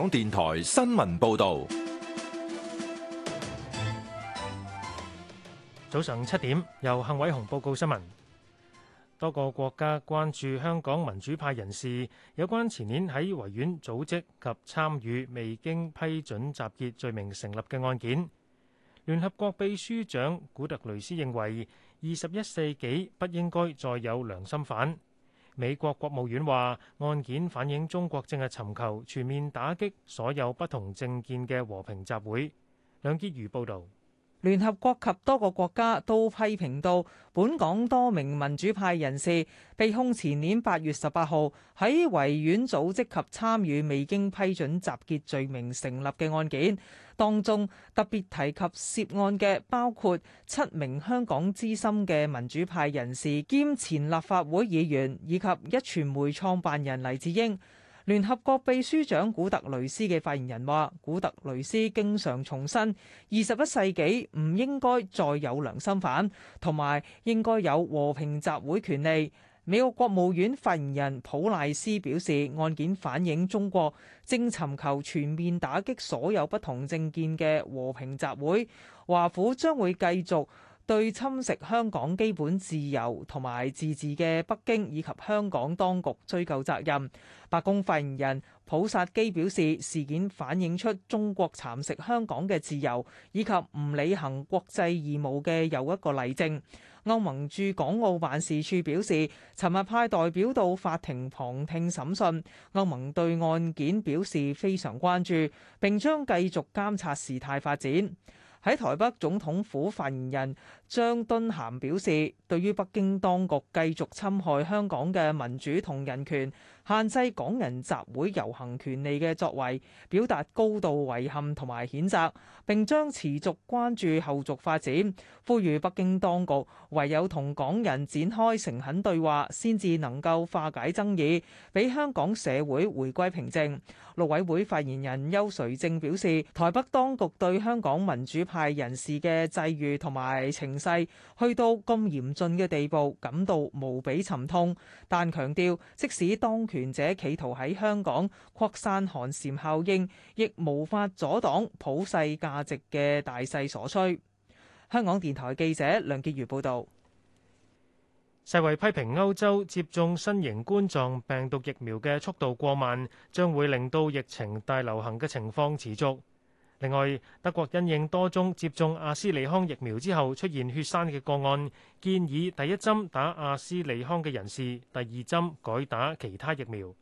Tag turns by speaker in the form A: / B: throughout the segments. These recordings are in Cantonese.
A: 香港電台新聞報道，
B: 早上七點，由幸偉雄報告新聞。多個國家關注香港民主派人士有關前年喺維園組織及參與未經批准集結罪名成立嘅案件。聯合國秘書長古特雷斯認為，二十一世紀不應該再有良心犯。美國國務院話，案件反映中國正係尋求全面打擊所有不同
C: 政見嘅和平集會。梁潔如報導，聯合國及多個國家都批評到，本港多名民主派人士被控前年八月十八號喺維園組織及參與未經批准集結罪名成立嘅案件。當中特別提及涉案嘅包括七名香港資深嘅民主派人士兼前立法會議員，以及一傳媒創辦人黎智英。聯合國秘書長古特雷斯嘅發言人話，古特雷斯經常重申，二十一世紀唔應該再有良心犯，同埋應該有和平集會權利。美國國務院發言人普賴斯表示，案件反映中國正尋求全面打擊所有不同政見嘅和平集會。華府將會繼續對侵蝕香港基本自由同埋自治嘅北京以及香港當局追究責任。白宮發言人普薩基表示，事件反映出中國蠶食香港嘅自由以及唔履行國際義務嘅又一個例證。歐盟駐港澳辦事處表示，尋日派代表到法庭旁聽審訊。歐盟對案件表示非常關注，並將繼續監察事態發展。喺台北總統府發言人張敦涵表示，對於北京當局繼續侵害香港嘅民主同人權，限制港人集會遊行權利嘅作為，表達高度遺憾同埋譴責，並將持續關注後續發展，呼籲北京當局唯有同港人展開誠懇對話，先至能夠化解爭議，俾香港社會回歸平靜。陸委會發言人邱垂正表示，台北當局對香港民主派大人士嘅際遇同埋情勢去到咁嚴峻嘅地步，感到無比沉痛。但強調，即使當權者企圖喺香港擴散寒蟬效應，亦無法阻擋普世價值嘅大勢所趨。香港電台記者梁潔如報導，世衛批評歐洲接種新型
B: 冠狀病毒疫苗嘅速度過慢，將會令到疫情大流行嘅情況持續。另外，德國因應多宗接種阿斯利康疫苗之後出現血栓嘅個案，建議第一針打阿斯利康嘅人士，第二針改打其他疫苗。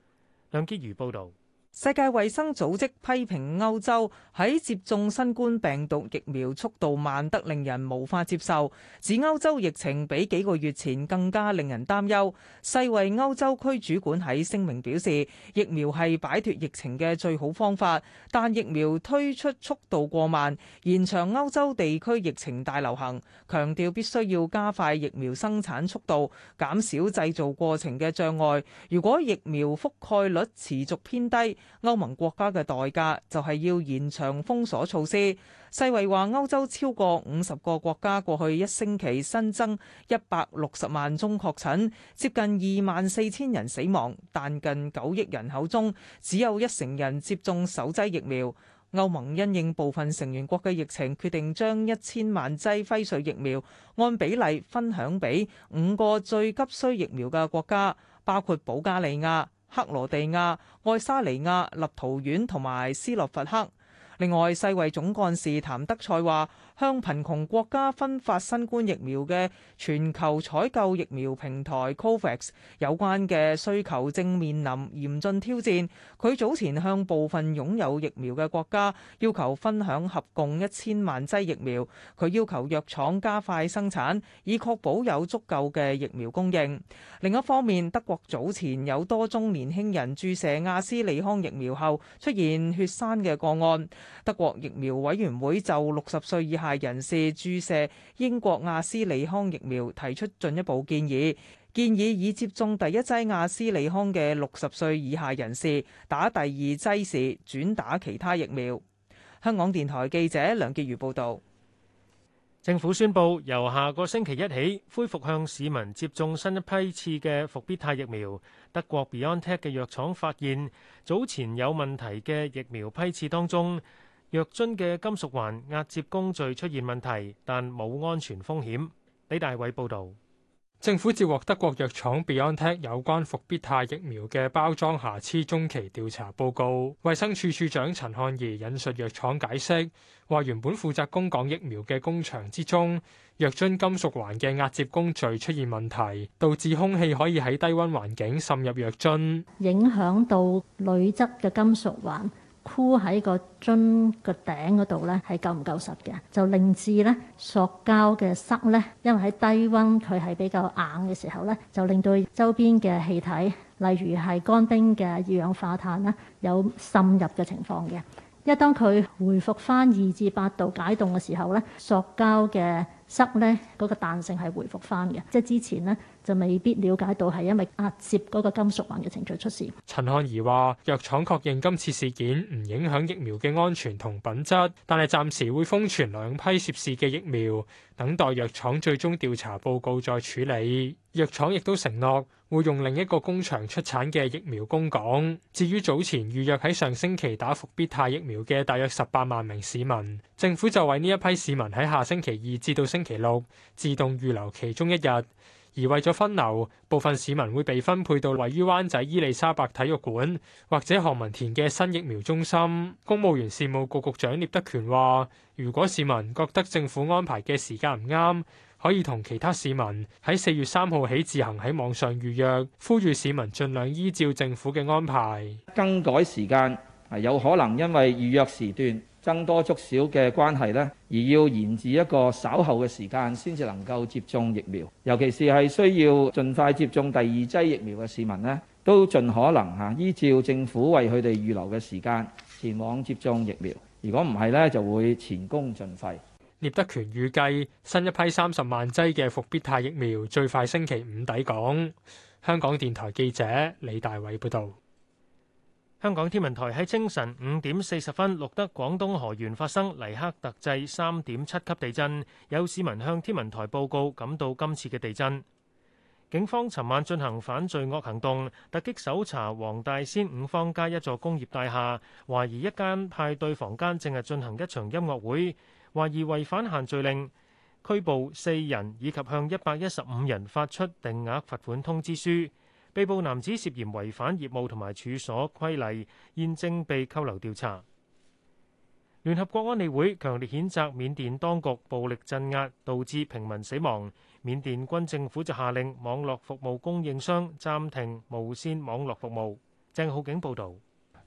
B: 梁潔
C: 如報導。世界衛生組織批評歐洲喺接種新冠病毒疫苗速度慢得令人無法接受，指歐洲疫情比幾個月前更加令人擔憂。世衛歐洲區主管喺聲明表示，疫苗係擺脫疫情嘅最好方法，但疫苗推出速度過慢，延長歐洲地區疫情大流行。強調必須要加快疫苗生產速度，減少製造過程嘅障礙。如果疫苗覆蓋率持續偏低，歐盟國家嘅代價就係要延長封鎖措施。世衛話歐洲超過五十個國家過去一星期新增一百六十萬宗確診，接近二萬四千人死亡，但近九億人口中只有一成人接種首劑疫苗。歐盟因應部分成員國嘅疫情，決定將一千萬劑輝瑞疫苗按比例分享俾五個最急需疫苗嘅國家，包括保加利亞，克羅地亞、愛沙尼亞、立陶宛同埋斯洛伐克。另外，世衛總幹事譚德塞話，向貧窮國家分發新冠疫苗嘅全球採購疫苗平台 COVAX 有關嘅需求正面臨嚴峻挑戰。佢早前向部分擁有疫苗嘅國家要求分享合共一千萬劑疫苗。佢要求藥廠加快生產，以確保有足夠嘅疫苗供應。另一方面，德國早前有多宗年輕人注射亞斯利康疫苗後出現血栓嘅個案。德國疫苗委員會就六十歲以下人士注射英國阿斯利康疫苗提出進一步建議，建議已接種第一劑阿斯利康嘅六十歲以下人士打第二劑時轉打其他疫苗。香港電台記者梁潔如報道。政府宣布，由
B: 下個星期一起恢復向市民接種新一批次嘅復必泰疫苗。德國 BioNTech 嘅藥廠發現，早前有問題嘅疫苗批次當中，藥樽嘅金屬環壓接工序出現問題，但冇安全風險。
A: 李大偉報導。政府接獲德國藥廠 BioNTech 有關復必泰疫苗嘅包裝瑕疵中期調查報告，衛生署署長陳漢儀引述藥廠解釋，話原本負責供港疫苗嘅工場之中，藥樽金屬環嘅壓接工序出現問題，導致空氣可以喺低温環境滲入藥樽，
C: 影響到鋁質嘅金屬環。箍喺個樽個頂嗰度咧，係夠唔夠實嘅？就令至咧塑膠嘅塞咧，因為喺低溫佢係比較硬嘅時候咧，就令到周邊嘅氣體，例如係乾冰嘅二氧化碳啦，有滲入嘅情況嘅。一當佢回復返二至八度解凍嘅時候咧，塑膠嘅塞咧嗰個彈性係回復翻嘅，即係之前呢就未必了解到係因為壓接嗰個金屬環嘅程序出事。
A: 陳漢儀話：藥廠確認今次事件唔影響疫苗嘅安全同品質，但係暫時會封存兩批涉事嘅疫苗。等待藥廠最終調查報告再處理，藥廠亦都承諾會用另一個工場出產嘅疫苗供港。至於早前預約喺上星期打復必泰疫苗嘅大約十八萬名市民，政府就為呢一批市民喺下星期二至到星期六自動預留其中一日。而為咗分流，部分市民會被分配到位於灣仔伊利沙伯體育館或者何文田嘅新疫苗中心。公務員事務局局長聶德權話，如果市民覺得政府安排嘅時間唔啱，可以同其他市民喺四月三號起自行喺網上預約，呼籲市民盡量依照政府嘅安排
C: 更改時間，係有可能因為預約時段。增多足少嘅關係呢，而要延至一個稍後嘅時間先至能夠接種疫苗。尤其是係需要盡快接種第二劑疫苗嘅市民呢，都盡可能吓依照政府為佢哋預留嘅時間前往接種疫苗。如果唔係呢就會前功盡廢。
A: 聶德權預計新一批三十萬劑嘅復必泰疫苗最快星期五抵港。香港電台記者李大偉報道。香港天文台喺清晨五點四十分錄得
B: 廣東河源發生黎克特制三點七級地震，有市民向天文台報告感到今次嘅地震。警方尋晚進行反罪惡行動，突擊搜查黃大仙五芳街一座工業大廈，懷疑一間派對房間正係進行一場音樂會，懷疑違反限聚令，拘捕四人以及向一百一十五人發出定額罰款通知書。被捕男子涉嫌違反業務同埋處所規例，現正被扣留調查。聯合國安理會強烈譴責緬甸當局暴力鎮壓，導致平民死亡。緬甸軍政府就下令網絡服務供應商暫停無線網絡服務。鄭浩景報道。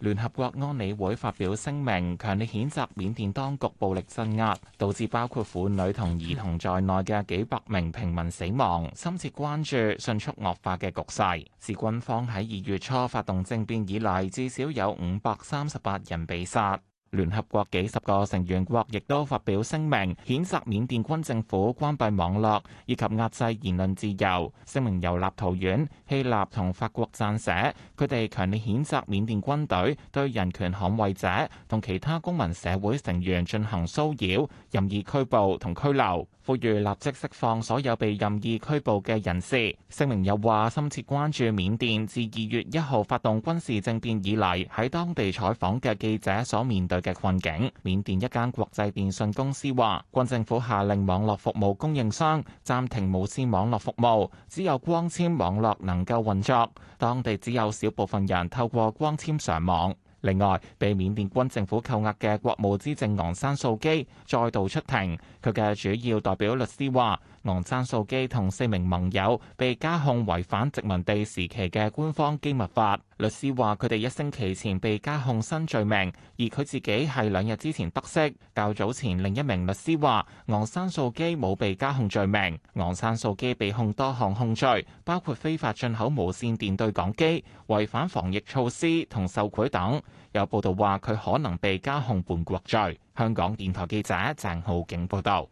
D: 聯合國安理會發表聲明，強烈譴責緬甸當局暴力鎮壓，壓，導致包括婦女同兒童在內嘅幾百名平民死亡，深切關注迅速惡化嘅局勢。自軍方喺二月初發動政變以嚟，至少有五百三十八人被殺。聯合國幾十個成員國亦都發表聲明，譴責緬甸軍政府關閉網絡以及壓制言論自由。聲明由立陶宛、希臘同法國撰寫，佢哋強烈譴責緬甸軍隊對人權捍衞者同其他公民社會成員進行騷擾、任意拘捕同拘留。呼籲立即釋放所有被任意拘捕嘅人士。聲明又話深切關注緬甸自二月一號發動軍事政變以嚟，喺當地採訪嘅記者所面對嘅困境。緬甸一間國際電訊公司話，軍政府下令網絡服務供應商暫停無線網絡服務，只有光纖網絡能夠運作。當地只有少部分人透過光纖上網。另外，被緬甸軍政府扣押嘅國務資政昂山素姬再度出庭。佢嘅主要代表律師話：昂山素姬同四名盟友被加控違反殖民地時期嘅官方機密法。律師話，佢哋一星期前被加控新罪名，而佢自己係兩日之前得悉。較早前另一名律師話昂山素姬冇被加控罪名。昂山素姬被控多項控罪，包括非法進口無線電對講機、違反防疫措施同受賄等。有報道話，佢可能被加控叛國罪。香港電台記者鄭浩景報道。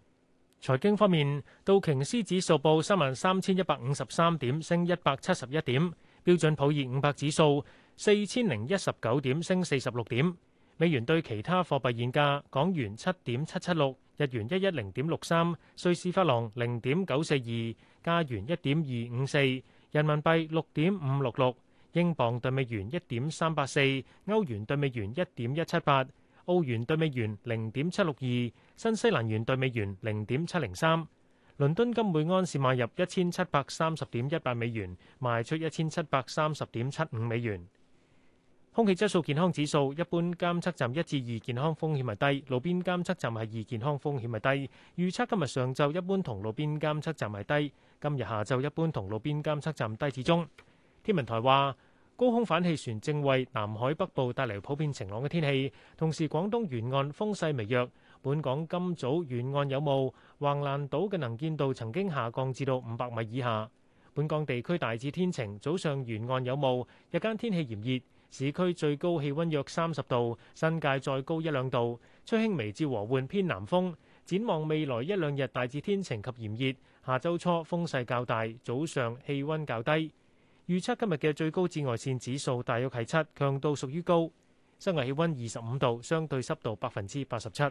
D: 財經方面，道瓊
B: 斯指數報三萬三千一百五十三點，升一百七十一點；標準普爾五百指數四千零一十九點，升四十六點。美元對其他貨幣現價：港元七點七七六，日元一一零點六三，瑞士法郎零點九四二，加元一點二五四，人民幣六點五六六，英鎊對美元一點三八四，歐元對美元一點一七八。澳元兌美元零點七六二，新西蘭元兌美元零點七零三。倫敦金每安士買入一千七百三十點一八美元，賣出一千七百三十點七五美元。空氣質素健康指數，一般監測站一至二健康風險係低，路邊監測站係二健康風險係低。預測今日上晝一般同路邊監測站係低，今日下晝一般同路邊監測站低至中。天文台話。高空反氣旋正為南海北部帶嚟普遍晴朗嘅天氣，同時廣東沿岸風勢微弱。本港今早沿岸有霧，橫瀾島嘅能見度曾經下降至到五百米以下。本港地區大致天晴，早上沿岸有霧，日間天氣炎熱，市區最高氣温約三十度，新界再高一兩度。吹輕微至和緩偏南風。展望未來一兩日大致天晴及炎熱，下周初風勢較大，早上氣温較低。預測今日嘅最高紫外線指數大約係七，強度屬於高。室外氣温二十五度，相對濕度百分之八十七。